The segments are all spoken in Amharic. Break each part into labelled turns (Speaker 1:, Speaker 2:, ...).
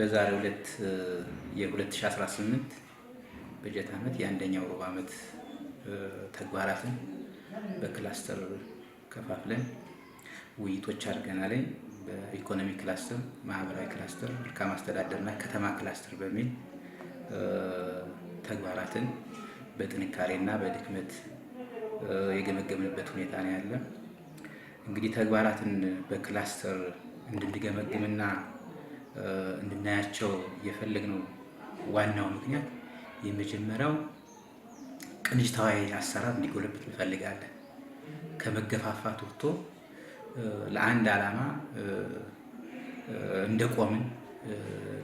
Speaker 1: በዛሬ ሁለት የ2018 በጀት ዓመት የአንደኛው ሩብ ዓመት ተግባራትን በክላስተር ከፋፍለን ውይይቶች አድርገናል። በኢኮኖሚ ክላስተር፣ ማህበራዊ ክላስተር፣ መልካም አስተዳደር ከተማ ክላስተር በሚል ተግባራትን በጥንካሬ በድክመት የገመገምንበት ሁኔታ ነው ያለ። እንግዲህ ተግባራትን በክላስተር እንድንገመግምና እንድናያቸው የፈለግነው ዋናው ምክንያት የመጀመሪያው ቅንጅታዊ አሰራር እንዲጎለብት እንፈልጋለን። ከመገፋፋት ወጥቶ ለአንድ ዓላማ እንደቆምን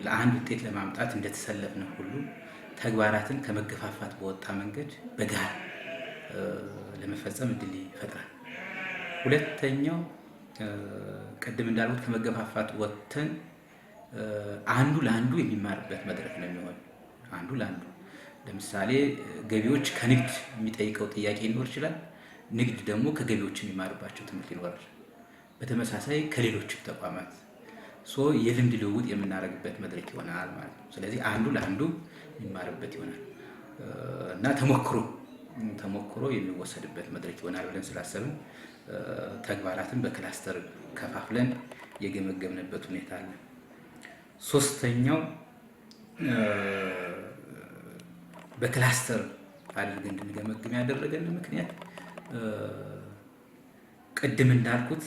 Speaker 1: ለአንድ ውጤት ለማምጣት እንደተሰለፍነ ሁሉ ተግባራትን ከመገፋፋት በወጣ መንገድ በጋራ ለመፈጸም እድል ይፈጥራል። ሁለተኛው ቅድም እንዳልኩት ከመገፋፋት ወጥተን አንዱ ለአንዱ የሚማርበት መድረክ ነው የሚሆን አንዱ ለአንዱ ለምሳሌ ገቢዎች ከንግድ የሚጠይቀው ጥያቄ ሊኖር ይችላል። ንግድ ደግሞ ከገቢዎች የሚማርባቸው ትምህርት ይኖራል። በተመሳሳይ ከሌሎችም ተቋማት የልምድ ልውውጥ የምናደርግበት መድረክ ይሆናል ማለት ነው። ስለዚህ አንዱ ለአንዱ የሚማርበት ይሆናል እና ተሞክሮ ተሞክሮ የሚወሰድበት መድረክ ይሆናል ብለን ስላሰብን ተግባራትን በክላስተር ከፋፍለን የገመገምንበት ሁኔታ አለ። ሶስተኛው በክላስተር አድርገን እንድንገመግም ያደረገን ምክንያት ቅድም እንዳልኩት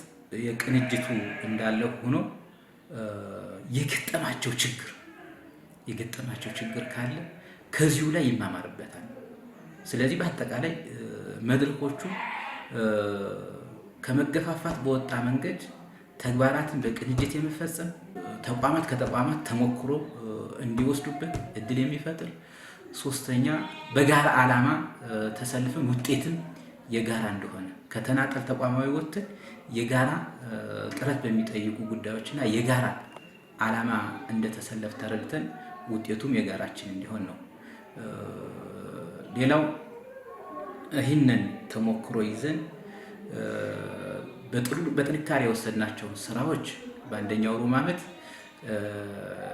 Speaker 1: የቅንጅቱ እንዳለ ሆኖ የገጠማቸው ችግር የገጠማቸው ችግር ካለ ከዚሁ ላይ ይማማርበታል። ስለዚህ በአጠቃላይ መድረኮቹ ከመገፋፋት በወጣ መንገድ ተግባራትን በቅንጅት የሚፈጸም ተቋማት ከተቋማት ተሞክሮ እንዲወስዱበት እድል የሚፈጥር ሶስተኛ በጋራ ዓላማ ተሰልፈን ውጤትም የጋራ እንደሆነ ከተናጠል ተቋማዊ ወጥተን የጋራ ጥረት በሚጠይቁ ጉዳዮችና የጋራ ዓላማ እንደተሰለፍ ተረድተን ውጤቱም የጋራችን እንዲሆን ነው። ሌላው ይህንን ተሞክሮ ይዘን በጥንካሬ የወሰድናቸውን ስራዎች በአንደኛው ሩብ ዓመት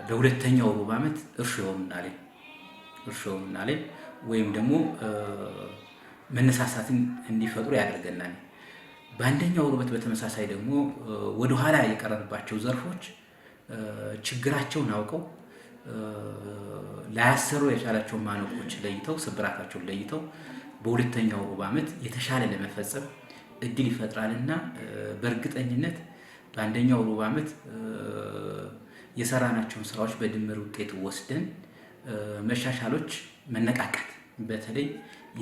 Speaker 1: ለሁለተኛው ሩብ ዓመት እርሾ ይሆኑናል እርሾ ይሆኑናል ወይም ደግሞ መነሳሳትን እንዲፈጥሩ ያደርገናል። በአንደኛው ሩበት በተመሳሳይ ደግሞ ወደኋላ የቀረንባቸው ዘርፎች ችግራቸውን አውቀው ላያሰሩ የቻላቸውን ማነቆች ለይተው ስብራታቸውን ለይተው በሁለተኛው ሩብ ዓመት የተሻለ ለመፈጸም እድል ይፈጥራል እና በእርግጠኝነት በአንደኛው ሩብ ዓመት የሰራናቸውን ስራዎች በድምር ውጤት ወስደን መሻሻሎች፣ መነቃቃት በተለይ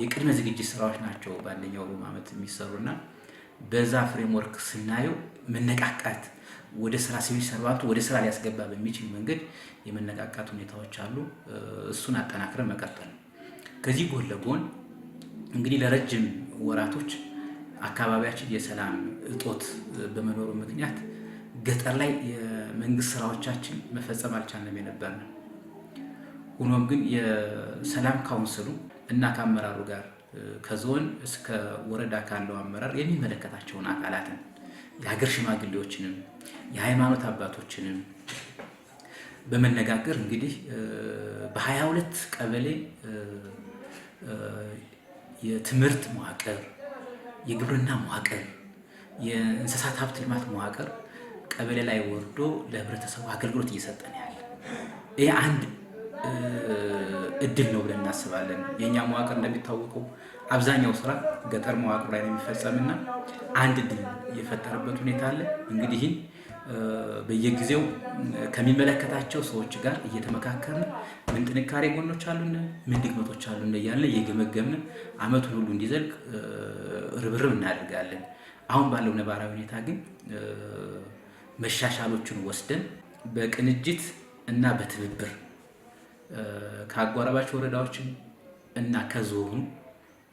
Speaker 1: የቅድመ ዝግጅት ስራዎች ናቸው በአንደኛው ሩብ ዓመት የሚሰሩና በዛ ፍሬምወርክ ስናየው መነቃቃት ወደ ስራ ሲቪል ሰርቫንቱ ወደ ስራ ሊያስገባ በሚችል መንገድ የመነቃቃት ሁኔታዎች አሉ። እሱን አጠናክረን መቀጠል ነው። ከዚህ ጎን ለጎን እንግዲህ ለረጅም ወራቶች አካባቢያችን የሰላም እጦት በመኖሩ ምክንያት ገጠር ላይ የመንግስት ስራዎቻችን መፈጸም አልቻለም ነው። ሆኖም ግን የሰላም ካውንስሉ እና ከአመራሩ ጋር ከዞን እስከ ወረዳ ካለው አመራር የሚመለከታቸውን አካላትን የሀገር ሽማግሌዎችንም የሃይማኖት አባቶችንም በመነጋገር እንግዲህ በሀያ ሁለት ቀበሌ የትምህርት መዋቅር የግብርና መዋቅር፣ የእንስሳት ሀብት ልማት መዋቅር ቀበሌ ላይ ወርዶ ለህብረተሰቡ አገልግሎት እየሰጠን ያለ ይህ አንድ እድል ነው ብለን እናስባለን። የእኛ መዋቅር እንደሚታወቀው አብዛኛው ስራ ገጠር መዋቅር ላይ ነው የሚፈጸምና አንድ እድል የፈጠረበት ሁኔታ አለ እንግዲህ በየጊዜው ከሚመለከታቸው ሰዎች ጋር እየተመካከርን ምን ጥንካሬ ጎኖች አሉን፣ ምን ድክመቶች አሉን እያለን እየገመገምን አመቱን ሁሉ እንዲዘልቅ ርብርብ እናደርጋለን። አሁን ባለው ነባራዊ ሁኔታ ግን መሻሻሎችን ወስደን በቅንጅት እና በትብብር ከአጓራባች ወረዳዎችን እና ከዞኑ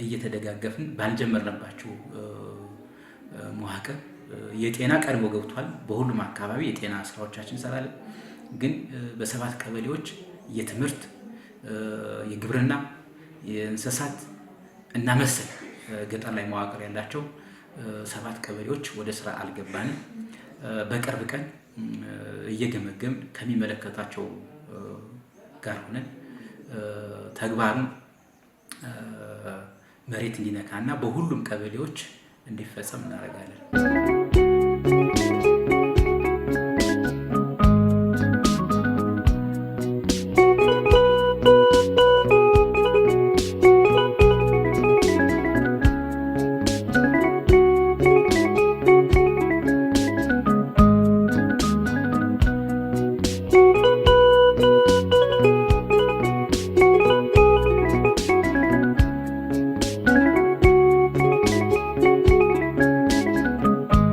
Speaker 1: እየተደጋገፍን ባልጀመርንባቸው መዋቅር የጤና ቀድሞ ገብቷል። በሁሉም አካባቢ የጤና ስራዎቻችን እንሰራለን። ግን በሰባት ቀበሌዎች የትምህርት፣ የግብርና፣ የእንስሳት እና መሰል ገጠር ላይ መዋቅር ያላቸው ሰባት ቀበሌዎች ወደ ስራ አልገባንም። በቅርብ ቀን እየገመገምን ከሚመለከታቸው ጋር ሆነን ተግባሩን መሬት እንዲነካ እና በሁሉም ቀበሌዎች እንዲፈጸም እናደርጋለን።